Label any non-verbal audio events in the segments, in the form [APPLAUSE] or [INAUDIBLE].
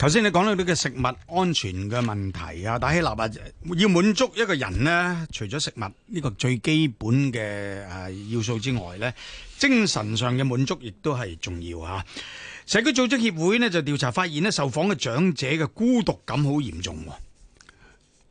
頭先你講到呢個食物安全嘅問題啊，打起立啊！要滿足一個人呢，除咗食物呢個最基本嘅誒要素之外咧，精神上嘅滿足亦都係重要吓。社區組織協會呢，就調查發現呢，受訪嘅長者嘅孤獨感好嚴重。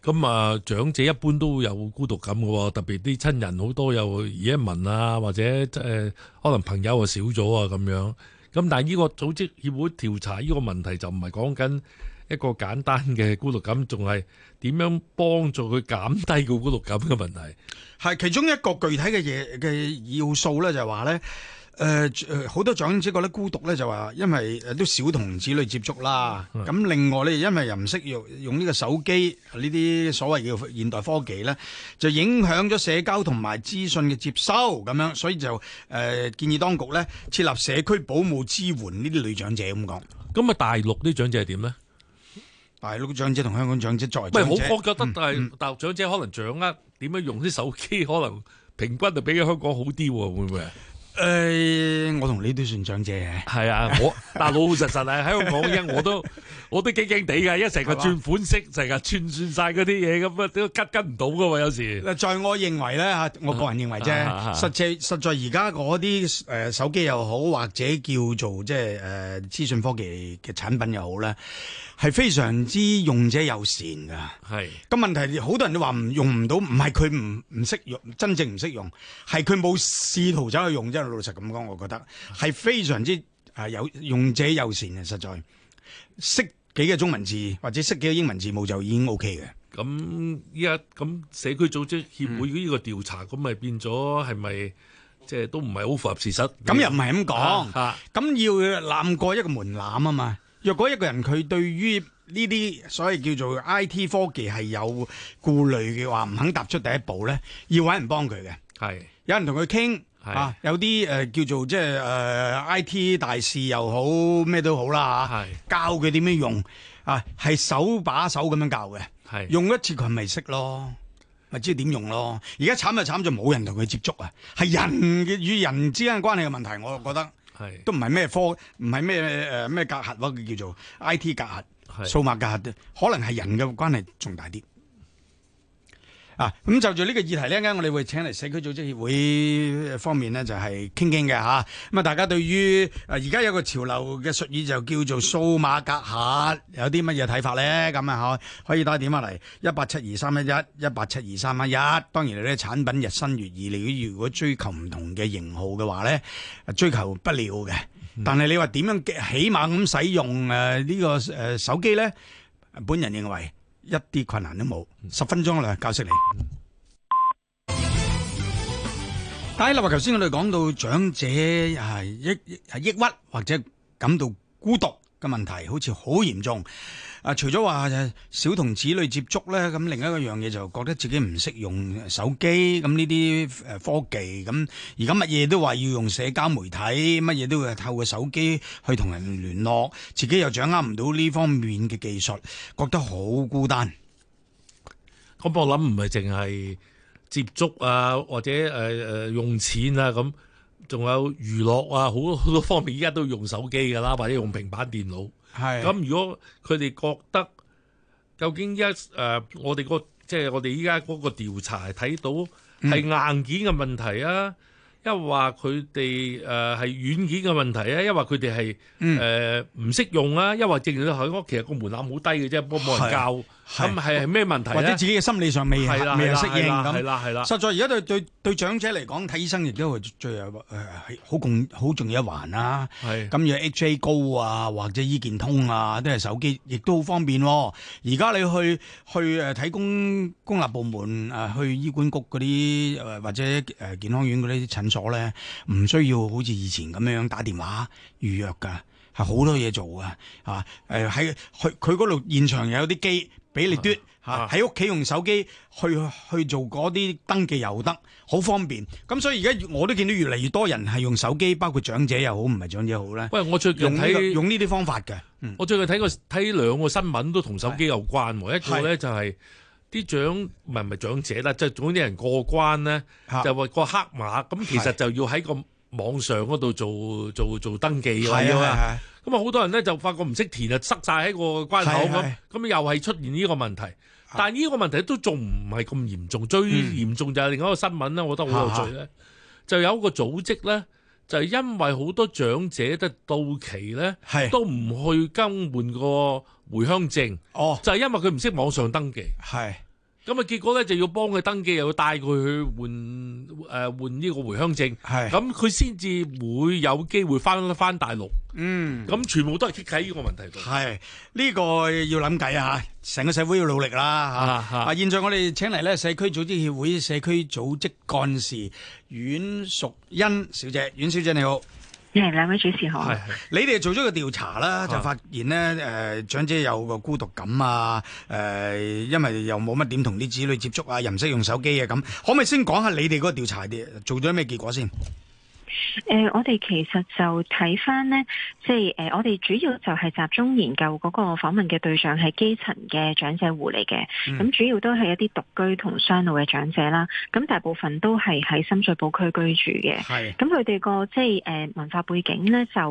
咁啊，長者一般都會有孤獨感嘅，特別啲親人好多有移民啊，或者誒、呃、可能朋友啊少咗啊，咁樣。咁但係呢個組織協會調查呢個問題就唔係講緊一個簡單嘅孤獨感，仲係點樣幫助佢減低個孤獨感嘅問題。係其中一個具體嘅嘢嘅要素咧，就係話咧。誒，好、呃呃、多長者覺得孤獨咧，就話因為誒都少同子女接觸啦。咁的另外咧，因為又唔識用用呢個手機呢啲所謂嘅現代科技咧，就影響咗社交同埋資訊嘅接收咁樣，所以就誒、呃、建議當局咧設立社區保姆支援呢啲女長者咁講。咁啊，大陸啲長者係點咧？大陸長者同香港長者再唔我，我覺得大陸長者可能掌握點樣用啲手機，嗯嗯、可能平均就比香港好啲，會唔會啊？ [LAUGHS] 誒、呃，我同你都算長者嘅，係啊，我但係老老實實啊，喺度講嘢我都我都驚驚地噶，一成個轉款式，成日串轉晒嗰啲嘢，咁都吉吉唔到噶喎，有時。嗱，在我認為咧嚇，我個人認為啫、啊啊啊，實際實在而家嗰啲誒手機又好，或者叫做即係誒資訊科技嘅產品又好咧。係非常之用者友善噶係是。咁問題，好多人都話唔用唔到，唔係佢唔唔識用，真正唔識用，係佢冇試圖走去用啫。老實咁講，我覺得係非常之誒有用者友善嘅，實在識幾個中文字或者識幾個英文字母就已經 O K 嘅。咁依家咁社區組織協會呢個調查，咁咪變咗係咪即係都唔係好符合事實？咁又唔係咁講，咁、啊啊、要攬過一個門檻啊嘛。若果一個人佢對於呢啲所謂叫做 I.T. 科技係有顧慮嘅話，唔肯踏出第一步咧，要揾人幫佢嘅。係，有人同佢傾，有啲誒叫做即係誒 I.T. 大事又好，咩都好啦嚇，係教佢點樣用啊，係手把手咁樣教嘅。係係，用一次佢咪識咯，咪知點用咯。而家慘，慘就慘就冇人同佢接觸啊，係人嘅與人之間關係嘅問題，我就覺得。係都唔係咩科，唔係咩誒咩隔閡，佢、呃、叫做 I T 隔閡，數碼隔閡，可能係人嘅關係仲大啲。啊，咁就住呢個議題咧，陣間我哋會請嚟社區組織協會方面呢，就係傾傾嘅吓。咁啊，大家對於誒而家有個潮流嘅術語就叫做數碼隔閡」，有啲乜嘢睇法咧？咁啊，可可以打電話嚟一八七二三一一一八七二三一一。1, 1, 當然你啲產品日新月異，你如果追求唔同嘅型號嘅話咧，追求不了嘅。嗯、但係你話點樣起碼咁使用誒、呃這個呃、呢個誒手機咧？本人認為。一啲困難都冇，十分鐘啦，教識你。第一，我話頭先，我哋講到長者係抑係抑鬱或者感到孤獨嘅問題，好似好嚴重。啊！除咗話小童子女接觸呢，咁、嗯、另一個樣嘢就覺得自己唔識用手機，咁呢啲科技，咁而家乜嘢都話要用社交媒體，乜嘢都會透過手機去同人聯絡，自己又掌握唔到呢方面嘅技術，覺得好孤單。咁、嗯、我諗唔係淨係接觸啊，或者誒誒、呃、用錢啊，咁仲有娛樂啊，好多好多方面，依家都用手機㗎啦，或者用平板電腦。係，咁如果佢哋覺得究竟一誒、呃，我哋個即係我哋依家嗰個調查睇到係硬件嘅問題啊？嗯。因為話佢哋誒係軟件嘅問題啊！因為話佢哋係誒唔識用啊！因話正正喺屋，其實個門檻好低嘅啫，不過冇人教咁係咩問題，或者自己嘅心理上未、啊、未適應咁。係啦，係啦，啊啊啊啊啊、實在而家對對對長者嚟講睇醫生亦都係最有好、呃、共好重要一環啦、啊。咁、啊，如 HA 高啊，或者醫健通啊，都係手機，亦都好方便喎、啊。而家你去去誒睇公公立部門啊，去醫管局嗰啲誒或者誒健康院嗰啲診。咗咧，唔需要好似以前咁樣打電話預約噶，係好多嘢做噶，係嘛？誒，喺佢佢嗰度現場有啲機俾你嘟吓，喺屋企用手機去去做嗰啲登記又得，好方便。咁所以而家我都見到越嚟越多人係用手機，包括長者又好，唔係長者好咧。喂，我最近睇用呢啲方法嘅。嗯，我最近睇過睇兩個新聞都同手機有關喎，是一個咧就係、是。啲長唔係唔係長者啦，即係總啲人過關咧，是就話個黑馬咁，是其實就要喺個網上嗰度做做做登記㗎嘛。咁啊，好、啊啊、多人咧就發覺唔識填啊，塞晒喺個關口咁，咁、啊、又係出現呢個問題。啊、但係呢個問題都仲唔係咁嚴重，啊、最嚴重就係另外一個新聞啦，嗯、我覺得好有罪咧，啊、就有一個組織咧。就係因為好多長者嘅到期呢，是都唔去更換個回鄉證，哦、就係因為佢唔識網上登記。咁啊，結果咧就要幫佢登記，又要帶佢去換誒換呢個回鄉證，咁佢先至會有機會返返大陸。嗯，咁全部都係卡喺呢個問題。係呢、呢個要諗計啊！嚇，成個社會要努力啦！嚇啊！啊，現在我哋請嚟咧社區組織協會社區組織幹事阮淑茵小姐，阮小姐你好。係，兩位主持好。你哋做咗個調查啦，就發現呢誒、呃，長者有個孤獨感啊，誒、呃，因為又冇乜點同啲子女接觸啊，又唔識用手機啊，咁可唔可以先講下你哋嗰個調查啲做咗咩結果先？誒、呃，我哋其實就睇翻呢，即係誒、呃，我哋主要就係集中研究嗰個訪問嘅對象係基層嘅長者戶嚟嘅，咁、嗯、主要都係一啲獨居同雙老嘅長者啦，咁大部分都係喺深水埗區居住嘅，係是，咁佢哋個即係誒、呃、文化背景呢，就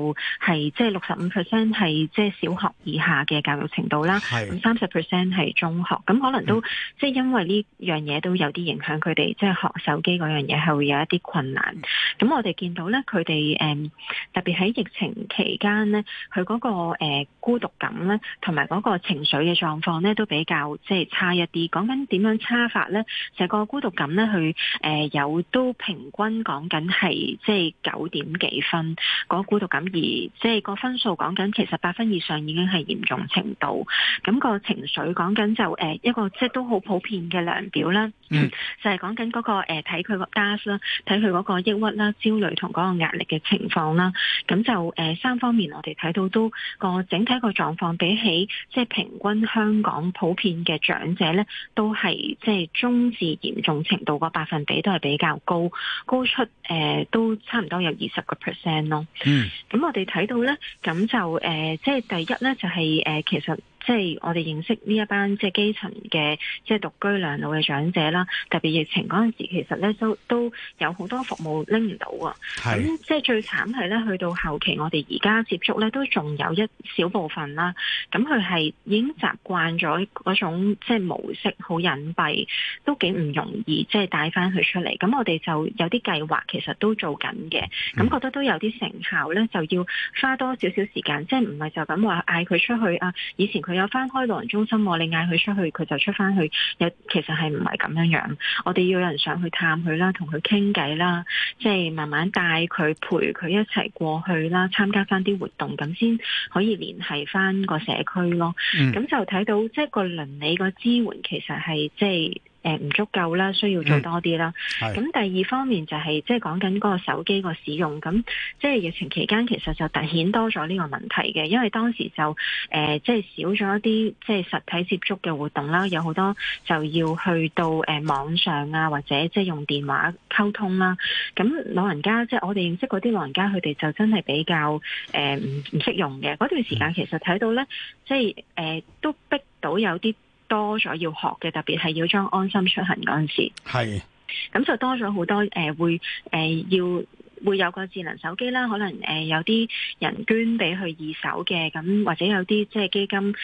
係即係六十五 percent 係即係小學以下嘅教育程度啦，咁三十 percent 係中學，咁可能都即係、嗯、因為呢樣嘢都有啲影響佢哋，即係學手機嗰樣嘢，係會有一啲困難，咁我哋見到咧佢哋誒特別喺疫情期間咧，佢嗰個誒孤獨感咧，同埋嗰個情緒嘅狀況咧，都比較即係差一啲。講緊點樣差法咧，就係個孤獨感咧，佢誒有都平均講緊係即係九點幾分個孤獨感，而即係個分數講緊其實八分以上已經係嚴重程度。咁個情緒講緊就誒一個即係都好普遍嘅量表啦，嗯、mm. 那個，就係講緊嗰個誒睇佢個 DS 啦，睇佢嗰個抑鬱啦、焦慮。同嗰個壓力嘅情況啦，咁就誒、呃、三方面，我哋睇到都個整體個狀況比起即係平均香港普遍嘅長者咧，都係即係中至嚴重程度個百分比都係比較高，高出誒、呃、都差唔多有二十個 percent 咯。嗯，咁我哋睇到咧，咁就誒、呃、即係第一咧就係、是、誒、呃、其實。即係我哋認識呢一班即係基層嘅即係獨居兩老嘅長者啦，特別疫情嗰陣時，其實咧都都有好多服務拎唔到啊。咁係即係最慘係咧，去到後期，我哋而家接觸咧都仲有一小部分啦。咁佢係已經習慣咗嗰種即係模式，好隱蔽，都幾唔容易即係帶翻佢出嚟。咁我哋就有啲計劃，其實都做緊嘅，咁覺得都有啲成效咧，就要花多少少時間，嗯、即係唔係就咁話嗌佢出去啊。以前佢。有翻開老人中心，我你嗌佢出去，佢就出翻去。有其實係唔係咁樣樣，我哋要有人上去探佢啦，同佢傾偈啦，即係慢慢帶佢，陪佢一齊過去啦，參加翻啲活動，咁先可以聯繫翻個社區咯。咁就睇到即係個鄰里個支援，其實係即係。誒、呃、唔足夠啦，需要做多啲啦。咁、嗯、第二方面就係即係講緊嗰個手機個使用，咁即係疫情期間其實就突顯多咗呢個問題嘅，因為當時就誒即係少咗一啲即係實體接觸嘅活動啦，有好多就要去到誒、呃、網上啊，或者即係用電話溝通啦。咁老人家即係我哋認識嗰啲老人家，佢哋就真係比較誒唔唔識用嘅。嗰段時間其實睇到呢，即係誒都逼到有啲。多咗要學嘅，特別係要將安心出行嗰陣時，係咁是就多咗好多，誒、呃、會誒、呃、要。會有個智能手機啦，可能誒、呃、有啲人捐俾佢二手嘅，咁或者有啲即係基金，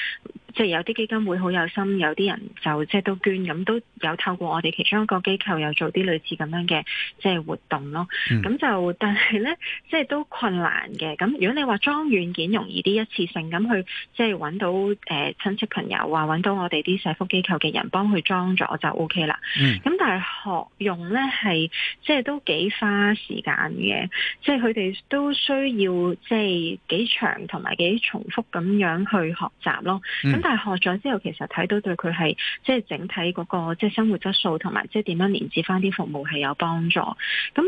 即係有啲基金會好有心，有啲人就即係都捐，咁都有透過我哋其中一個機構有做啲類似咁樣嘅即係活動咯。咁、嗯、就但係呢，即係都困難嘅。咁如果你話裝軟件容易啲，一次性咁去即係揾到誒親、呃、戚朋友啊，揾到我哋啲社福機構嘅人幫佢裝咗就 O K 啦。嗯。嗯。但係學用咧，係即係都幾花時間嘅，即係佢哋都需要即係幾長同埋幾重複咁樣去學習咯。咁但係學咗之後，其實睇到對佢係即係整體嗰個即係生活質素同埋即係點樣連接翻啲服務係有幫助。咁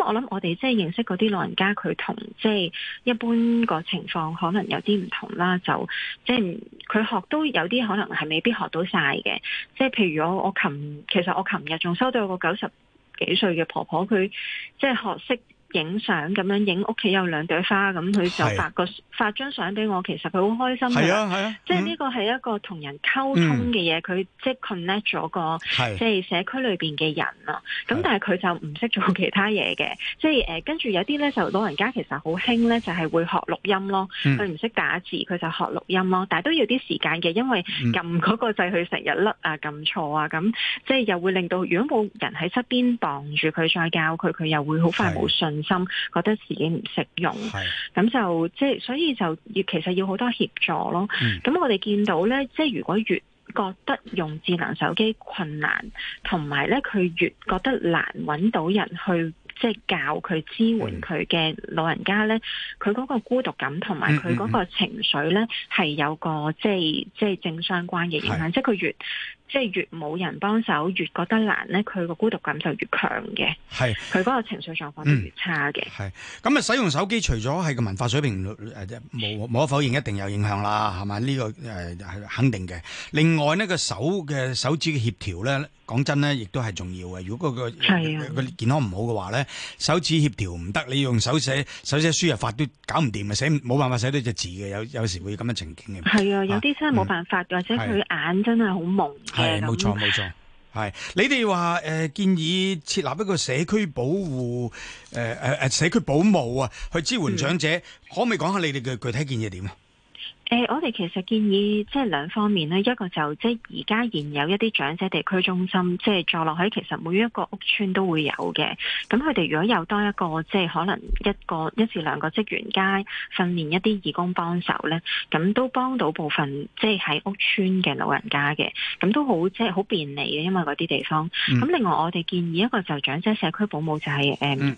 我諗我哋即係認識嗰啲老人家，佢同即係一般個情況可能有啲唔同啦。就即係佢學都有啲可能係未必學到晒嘅。即係譬如我我琴，其實我琴日仲收到。個九十幾歲嘅婆婆，佢即係學識。 [NOISE] 影相咁樣影屋企有兩朵花咁，佢就發個發張相俾我。其實佢好開心嘅，即係呢個係一個同人溝通嘅嘢。佢即係 connect 咗個即係社區裏邊嘅人啦。咁但係佢就唔識做其他嘢嘅，即係誒跟住有啲咧就老人家其實好興咧，就係會學錄音咯。佢唔識打字，佢就學錄音咯。但係都要啲時間嘅，因為撳嗰個掣佢成日甩啊撳錯啊咁，即係又會令到如果冇人喺側邊傍住佢再教佢，佢又會好快冇信心覺得自己唔識用，咁是就即係所以就要其實要好多協助咯。咁、嗯、我哋見到呢，即係如果越覺得用智能手機困難，同埋呢，佢越覺得難揾到人去即係教佢支援佢嘅老人家呢，佢嗰、嗯、個孤獨感同埋佢嗰個情緒呢，係、嗯嗯嗯、有個即係即係正相關嘅影響，是即係佢越。即係越冇人幫手，越覺得難咧，佢個孤獨感就越強嘅。係。佢嗰個情緒狀況越差嘅。係、嗯。咁啊，使用手機除咗係個文化水平，冇冇可否認一定有影響啦，係嘛？呢個誒係、呃、肯定嘅。另外呢，個手嘅手指嘅協調咧，講真咧，亦都係重要嘅。如果個係啊。個健康唔好嘅話咧，手指協調唔得，你用手寫手寫輸入法都搞唔掂嘅，寫冇辦法寫到隻字嘅。有有時會咁樣情景嘅。係啊，有啲真係冇辦法，或者佢眼真係好蒙。係，冇錯冇錯，係你哋話誒，建議設立一個社區保護誒誒誒社區保姆啊，去支援長者，嗯、可唔可以講下你哋嘅具體建議點啊？誒、呃，我哋其實建議即係兩方面咧，一個就即係而家現有一啲長者地區中心，即係坐落喺其實每一個屋邨都會有嘅。咁佢哋如果有多一個即係可能一個一至兩個職員街訓練一啲義工幫手咧，咁都幫到部分即係喺屋邨嘅老人家嘅，咁都好即係好便利嘅，因為嗰啲地方。咁另外我哋建議一個就長者社區保姆就係、是、誒。呃嗯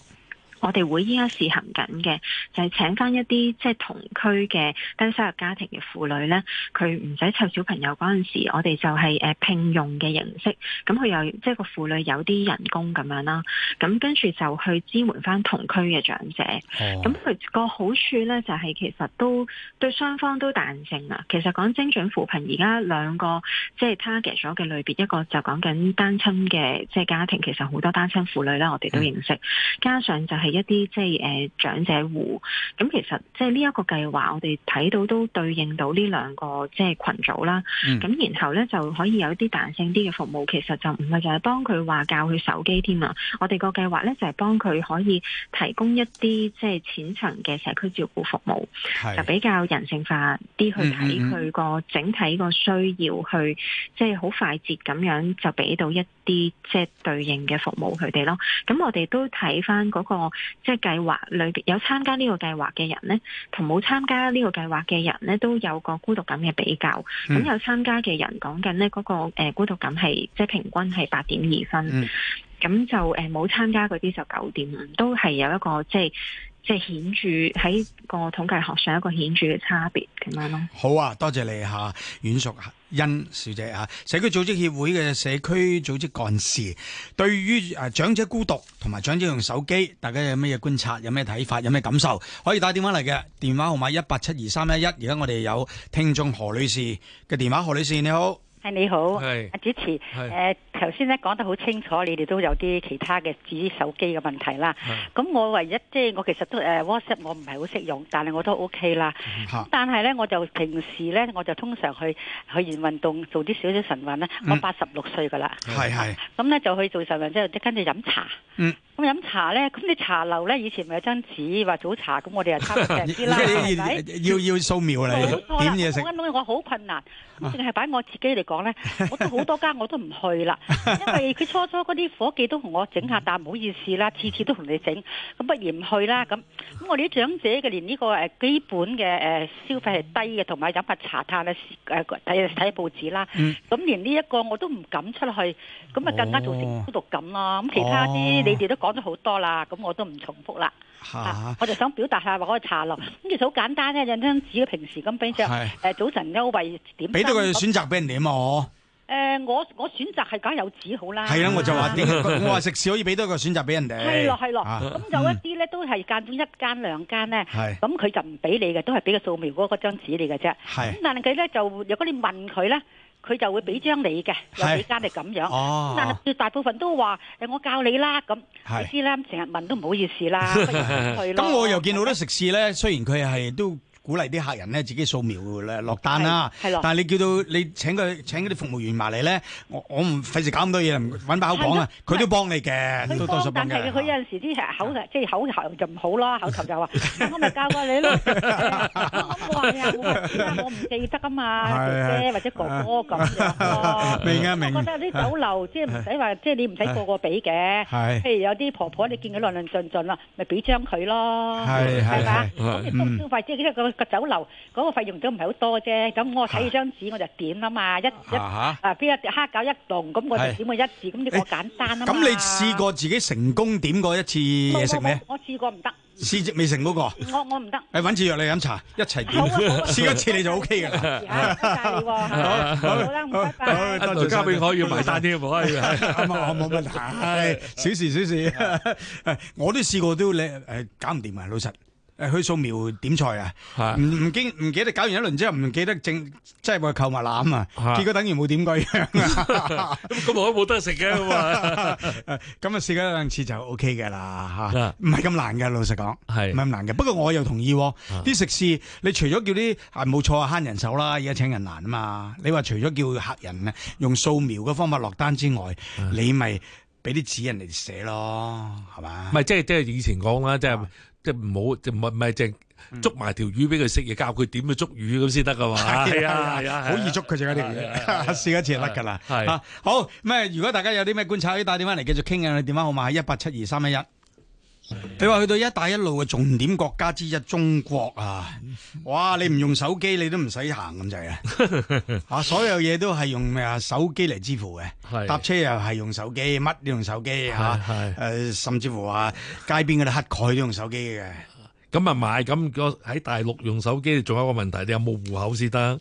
我哋會依家試行緊嘅，就係請翻一啲即係同區嘅低收入家庭嘅婦女咧，佢唔使湊小朋友嗰陣時，我哋就係誒聘用嘅形式，咁佢又即係個婦女有啲人工咁樣啦。咁跟住就去支援翻同區嘅長者。咁佢個好處咧就係其實都對雙方都彈性啊。其實講精準扶貧，而家兩個即係 target 咗嘅類別，一個就講緊單親嘅即係家庭，其實好多單親婦女咧，我哋都認識、mm. 加上就係、是。係一啲即係誒長者戶，咁其實即係呢一個計劃我哋睇到都對應到呢兩個即係群組啦。咁、嗯、然後咧就可以有啲彈性啲嘅服務，其實就唔係就係幫佢話教佢手機添啊。我哋個計劃咧就係幫佢可以提供一啲即係淺層嘅社區照顧服務，是就比較人性化啲去睇佢個整體個需要，嗯嗯嗯去即係好快捷咁樣就俾到一啲即係對應嘅服務佢哋咯。咁我哋都睇翻嗰個。即係計劃裏有參加呢個計劃嘅人呢，同冇參加呢個計劃嘅人呢，都有個孤獨感嘅比較。咁、嗯、有參加嘅人講緊呢嗰個誒、呃、孤獨感係即係平均係八點二分，咁、嗯、就誒冇、呃、參加嗰啲就九點五都係有一個即係。即係顯著喺個統計學上一個顯著嘅差別咁樣咯。好啊，多謝你嚇，阮、啊、淑茵小姐嚇、啊，社區組織協會嘅社區組織幹事，對於誒、呃、長者孤獨同埋長者用手機，大家有咩嘢觀察，有咩睇法，有咩感受，可以打電話嚟嘅電話號碼一八七二三一一。而家我哋有聽眾何女士嘅電話，何女士你好。你好，係是主持，誒、呃，頭先咧講得好清楚，你哋都有啲其他嘅至於手機嘅問題啦。咁是我唯一即係我其實都誒、呃、WhatsApp，我唔係好識用，但係我都 O、OK、K 啦。嗯、但係咧，我就平時咧，我就通常去去完運動做啲少少晨運啦。我八十六歲噶啦，係係，咁咧就去做晨運之後即跟住飲茶。嗯咁飲茶咧，咁你茶樓咧以前咪有張紙，話早茶，咁我哋又差唔多啦，係咪 [LAUGHS] 吧？ [NOISE] 要要掃描啦錯，我好困難，咁淨係擺我自己嚟講咧，我都好多間我都唔去啦， [LAUGHS] 因為佢初初嗰啲伙計都同我整下，但唔好意思啦，次次都同你整，咁不如唔去啦。咁咁我哋啲長者嘅，連呢個誒基本嘅誒消費係低嘅，同埋飲下茶嘆睇睇報紙啦，咁、嗯、連呢一個我都唔敢出去，咁啊更加造成孤獨感啦。咁其他啲、哦、你哋都講咗好多啦，咁我都唔重複啦。吓、啊啊，我就想表達下話嗰個茶樓，咁其實好簡單咧，一張紙嘅平時咁俾張，誒是、呃、早晨優惠點，俾到佢選擇俾人點。誒，我、呃、我，我選擇係梗有紙好啦。係啦，我就話點、啊，我話食肆可以俾多個選擇俾人哋。係咯係咯，咁、啊、有一啲咧都係間中一間兩間咧，咁佢是就唔俾你嘅，都係俾個掃描嗰嗰張紙你嘅啫。咁的但係佢咧就，如果你問佢咧。佢就會俾張你嘅，有幾間係咁樣。啊、但係大部分都話：誒，我教你啦，咁是你知啦，成日問都唔好意思啦。咁 [LAUGHS] 我又見到啲食肆咧，雖然佢係都。鼓勵啲客人咧，自己掃描咧落單啦，但係你叫到你請佢請嗰啲服務員埋嚟咧，我我唔費事搞咁多嘢，搵把口講啊，佢都幫你嘅，都幫手㗎。但係佢有陣時啲口嘅即係口頭就唔好啦，口頭就話我咪教過你咯，我話呀，我唔記得啊嘛，姐姐或者哥哥咁樣咯。明啊，明。我覺得啲酒樓即係唔使話，即係你唔使個個俾嘅，譬如有啲婆婆你見佢論論盡盡啦，咪俾張佢咯，係咪啊？咁亦都消費即係一個。個酒樓嗰個費用都唔係好多啫，咁我睇張紙我就點吖嘛，一一啊邊一隻蝦餃一籠，咁我就點個一次，咁呢個簡單啦。咁你試過自己成功點過一次嘢食咩？我試過唔得，試未成嗰個。我我唔得。誒，揾次約你飲茶一齊點試一次你就 OK 㗎喇。好啦，唔該晒。好，交俾我，要埋單添，唔該。咁啊，我冇問題。係小事，小事。我都試過，都你誒搞唔掂啊，老實。誒，去掃描點菜啊？唔唔的記唔記得搞完一輪之後唔記得正即係話購物籃啊？的結果等於冇點過樣啊？咁我好冇得食嘅，咁啊試咗兩次就 OK 嘅啦吓，唔係咁難嘅，老實講，唔係咁難嘅。不過我又同意、啊，啲的食肆你除咗叫啲啊冇錯，慳人手啦，而家請人難啊嘛。你話除咗叫客人咧用掃描嘅方法落單之外，的你咪俾啲指引嚟寫咯，係嘛？唔係、嗯、即係即係以前講啦，即係。 [LAUGHS] [LAUGHS] 即係唔好，就唔係唔係淨捉埋條魚俾佢食，教佢點去捉魚咁先得噶嘛。係啊，係啊，好易捉佢淨條魚，試一次就得噶啦。係啊，好咩？如果大家有啲咩觀察，可以打電話嚟繼續傾嘅，電話號碼係一八七二三一一。你話去到一帶一路嘅重點國家之一中國啊，哇！你唔用手機你都唔使行咁滯啊，啊！所有嘢都係用咩啊？手機嚟支付嘅，搭車又係用手機，乜 [LAUGHS] 都用手機吓，誒、啊啊，甚至乎話、啊、街邊嗰啲乞丐都用手機嘅。咁啊買咁個喺大陸用手機，仲有一個問題，你有冇戶口先得？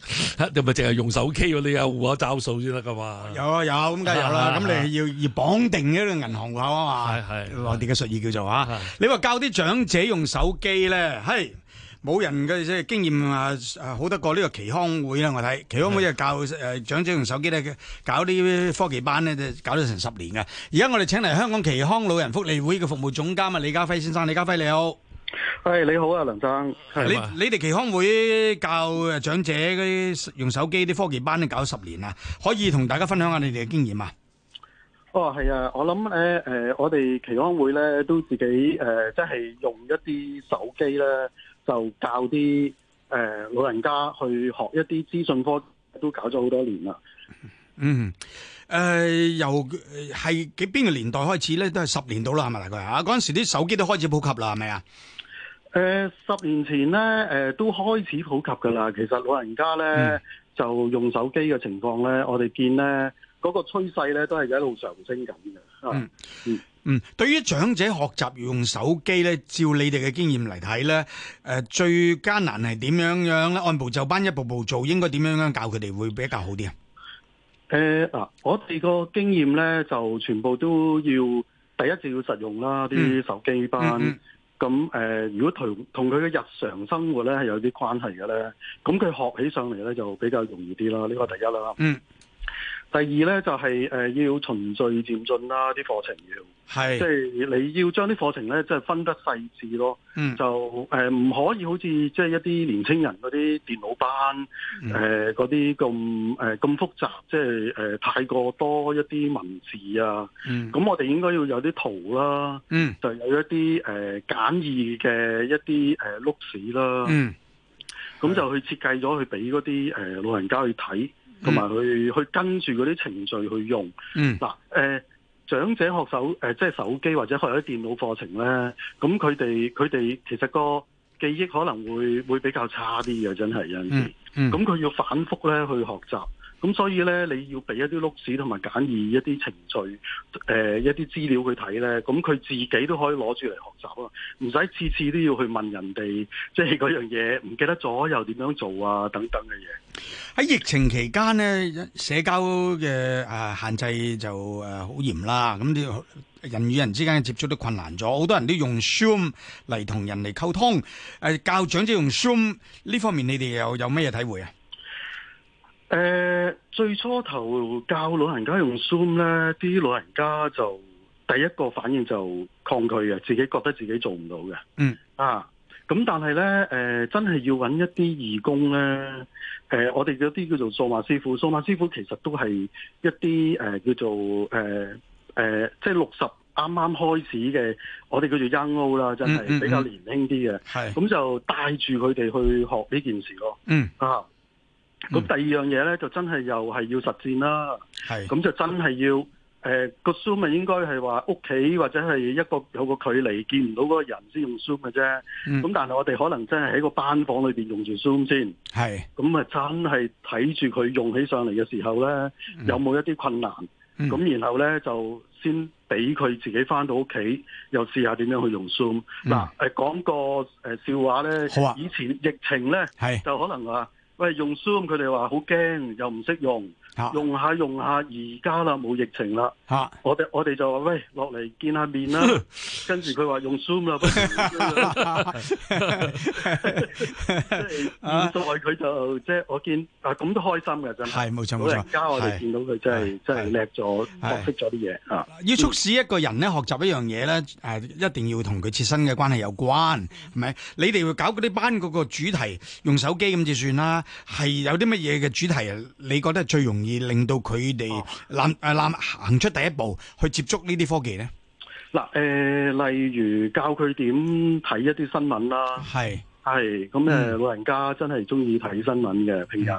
你咪淨係用手機，你有戶口找數先得噶嘛？有啊有咁梗係有啦。咁你要要綁定呢個銀行戶口嘛？係係內地嘅術語叫做啊。你話教啲長者用手機咧，係冇人嘅即係經驗啊，好得過呢個耆康會啦。我睇耆康會就教誒長者用手機咧，搞啲科技班咧，就搞咗成十年噶。而家我哋請嚟香港耆康老人福利會嘅服務總監啊，李家輝先生，李家輝你好。係、hey，你好啊，梁生。吧你你哋耆康會教長者啲用手機啲科技班咧，搞十年啦，可以同大家分享下你哋嘅經驗啊？哦，係啊，我諗咧，誒、呃，我哋耆康會咧都自己誒，即、呃、係用一啲手機咧，就教啲誒、呃、老人家去學一啲資訊科，都搞咗好多年啦。嗯，誒、呃，由係幾邊個年代開始咧？都係十年到啦，係咪嗱，佢啊？嗰陣時啲手機都開始普及啦，係咪啊？誒、呃，十年前咧，誒、呃、都開始普及噶啦。其實老人家咧、嗯、就用手機嘅情況咧，我哋見咧嗰、那個趨勢咧都係一路上升緊嘅。嗯、啊、嗯嗯，嗯，對於長者學習用手機咧，照你哋嘅經驗嚟睇咧，誒、呃、最艱難係點樣樣咧？按部就班一步步做，應該點樣樣教佢哋會比較好啲、呃、啊？誒，嗱，我哋個經驗咧就全部都要第一次要實用啦，啲、嗯、手機班。嗯嗯咁誒，如果同同佢嘅日常生活咧係有啲關係嘅咧，咁佢學起上嚟咧就比較容易啲啦。呢個第一啦。嗯。第二咧就係、是、誒、呃、要循序漸進啦，啲課程要，是即係你要將啲課程咧即係分得細緻咯。嗯，就誒唔、呃、可以好似即係一啲年青人嗰啲電腦班誒嗰啲咁誒咁複雜，即係誒、呃、太過多一啲文字啊。嗯，咁我哋應該要有啲圖啦。嗯，就有一啲誒、呃、簡易嘅一啲誒 look 視啦。呃呃、嗯，咁就去設計咗去俾嗰啲誒老人家去睇。嗯嗯同埋去去跟住嗰啲程序去用，嗯，嗱、呃，誒長者學手誒、呃、即係手機或者學有啲電腦課程咧，咁佢哋佢哋其實個記憶可能會會比較差啲嘅，真係有陣時，咁佢、嗯嗯、要反覆咧去學習。咁所以咧，你要俾一啲碌屎同埋簡易一啲程序，誒、呃、一啲資料去睇咧，咁佢自己都可以攞住嚟學習啊，唔使次次都要去問人哋，即係樣嘢唔記得咗又點樣做啊，等等嘅嘢。喺疫情期間咧，社交嘅誒限制就誒好嚴啦，咁啲人與人之間嘅接觸都困難咗，好多人都用 Zoom 嚟同人哋溝通，誒教長者用 Zoom 呢方面，你，你哋又有咩嘢體會啊？誒，最初頭教老人家用 Zoom 咧，啲老人家就第一個反應就抗拒嘅，自己覺得自己做唔到嘅。嗯。啊，咁但係咧，誒、呃，真係要搵一啲義工咧，誒、呃，我哋嗰啲叫做數碼師傅，數碼師傅其實都係一啲誒、呃，叫做誒誒、呃呃，即係六十啱啱開始嘅，我哋叫做 young old 啦，真係、嗯、比較年輕啲嘅。係、嗯。咁、嗯嗯、就帶住佢哋去學呢件事咯。嗯。啊、嗯。咁第二樣嘢咧，就真係又係要實戰啦。係咁就真係要誒個 Zoom 咪應該係話屋企或者係一個有個距離見唔到嗰個人先用 Zoom 嘅啫。咁但係我哋可能真係喺個班房裏邊用住 Zoom 先。係咁啊，真係睇住佢用起上嚟嘅時候咧，有冇一啲困難？咁然後咧就先俾佢自己翻到屋企，又試下點樣去用 Zoom。嗱，誒講個誒笑話咧，以前疫情咧就可能話。喂，用 Zoom 佢哋話好驚，又唔識用。用下用下，而家啦冇疫情啦，我哋我哋就話喂，落嚟見下面啦，跟住佢話用 Zoom 啦，唔在佢就即係我見啊，咁都開心嘅真係，係冇錯冇錯。而家我哋見到佢真係真係叻咗，學識咗啲嘢。要促使一個人咧學習一樣嘢咧，誒一定要同佢切身嘅關係有關，係咪？你哋會搞嗰啲班嗰個主題，用手機咁就算啦。係有啲乜嘢嘅主題，你覺得係最容易？而令到佢哋攬誒攬行出第一步去接觸呢啲科技咧，嗱，誒、呃，例如教佢點睇一啲新聞啦，啊，係。係咁誒，老人家真係中意睇新聞嘅，平日，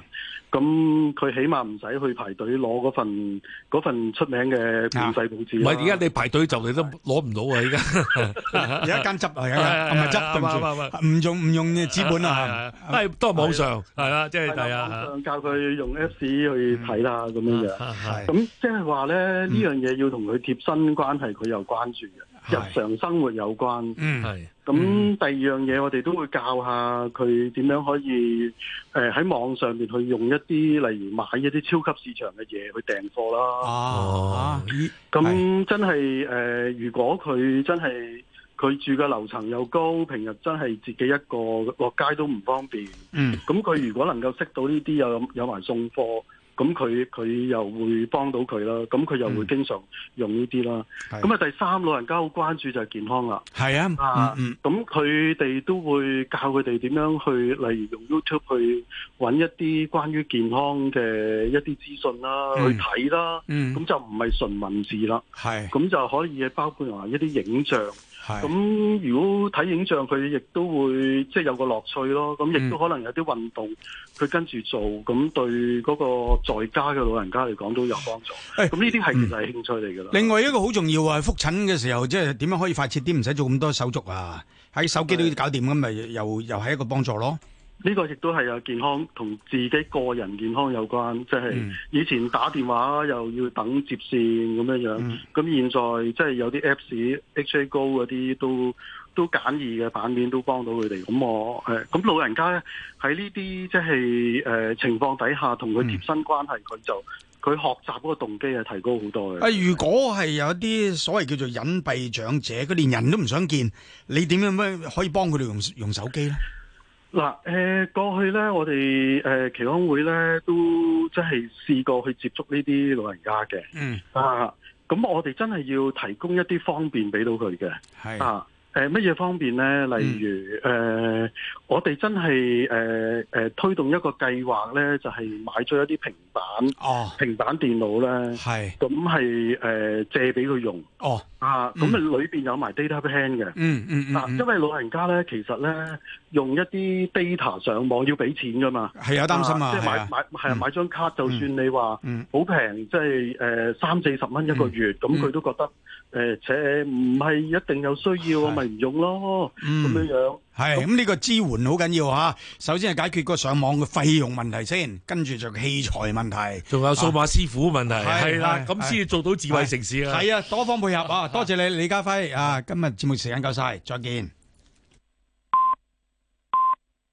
咁佢起碼唔使去排隊攞嗰份嗰份出名嘅免費報紙。唔係，而家你排隊就嚟都攞唔到啊！而家而家間執係啊，唔係執，唔用唔用資本啊，都係都係網上係啦，即係大家教佢用 Apps 去睇啦，咁樣樣。係咁，即係話咧，呢樣嘢要同佢貼身關係，佢有關注嘅日常生活有關。嗯，係。咁、嗯、第二樣嘢，我哋都會教下佢點樣可以誒喺、呃、網上邊去用一啲，例如買一啲超級市場嘅嘢去訂貨啦。哦，咁真係誒、呃，如果佢真係佢住嘅樓層又高，平日真係自己一個落街都唔方便。嗯，咁佢如果能夠識到呢啲，又有有埋送貨。咁佢佢又會幫到佢啦，咁佢又會經常用呢啲啦。咁啊、嗯、第三，老人家好關注就係健康啦。係、啊，咁佢哋都會教佢哋點樣去，例如用 YouTube 去揾一啲關於健康嘅一啲資訊啦，嗯、去睇啦。咁、嗯、就唔係純文字啦，咁、就可以包括話一啲影像。咁如果睇影像，佢亦都會即係有個樂趣咯。咁亦都可能有啲運動，佢、嗯、跟住做，咁對嗰個在家嘅老人家嚟講都有幫助。誒、哎，咁呢啲係其實係興趣嚟㗎啦。另外一個好重要啊，覆診嘅時候即係點樣可以快捷啲，唔使做咁多手續啊？喺手機度搞掂咁咪又又係一個幫助咯。呢個亦都係有健康同自己個人健康有關，即係以前打電話又要等接線咁樣樣，咁現在即係有啲 Apps，HA Go 嗰啲都都簡易嘅版面都幫到佢哋。咁我誒，咁老人家咧，喺呢啲即係誒情況底下，同佢貼身關係，佢就佢學習嗰個動機係提高好多嘅。啊，如果係有一啲所謂叫做隱蔽長者，佢連人都唔想見，你點樣咩可以幫佢哋用用手機咧？嗱，誒，過去咧，我哋誒，耆、呃、康會咧，都即係試過去接觸呢啲老人家嘅，嗯，啊，咁我哋真係要提供一啲方便俾到佢嘅，係的啊。誒乜嘢方面咧？例如誒，我哋真係誒誒推動一個計劃咧，就係買咗一啲平板，平板電腦咧，咁係誒借俾佢用。哦，啊，咁啊，裏邊有埋 data plan 嘅。嗯嗯嗱，因為老人家咧，其實咧用一啲 data 上網要俾錢噶嘛。係啊，擔心啊。即係買買係啊，買張卡，就算你話好平，即係誒三四十蚊一個月，咁佢都覺得。誒，且唔係一定有需要，我咪唔用咯，咁樣、嗯、樣。係，咁呢個支援好緊要吓。首先係解決個上網嘅費用問題先，跟住就器材問題，仲有數碼師傅問題。係啦，咁先做到智慧城市啦。係啊，啊，多方配合啊，多謝你李家輝啊，今日節目時間夠晒，再見。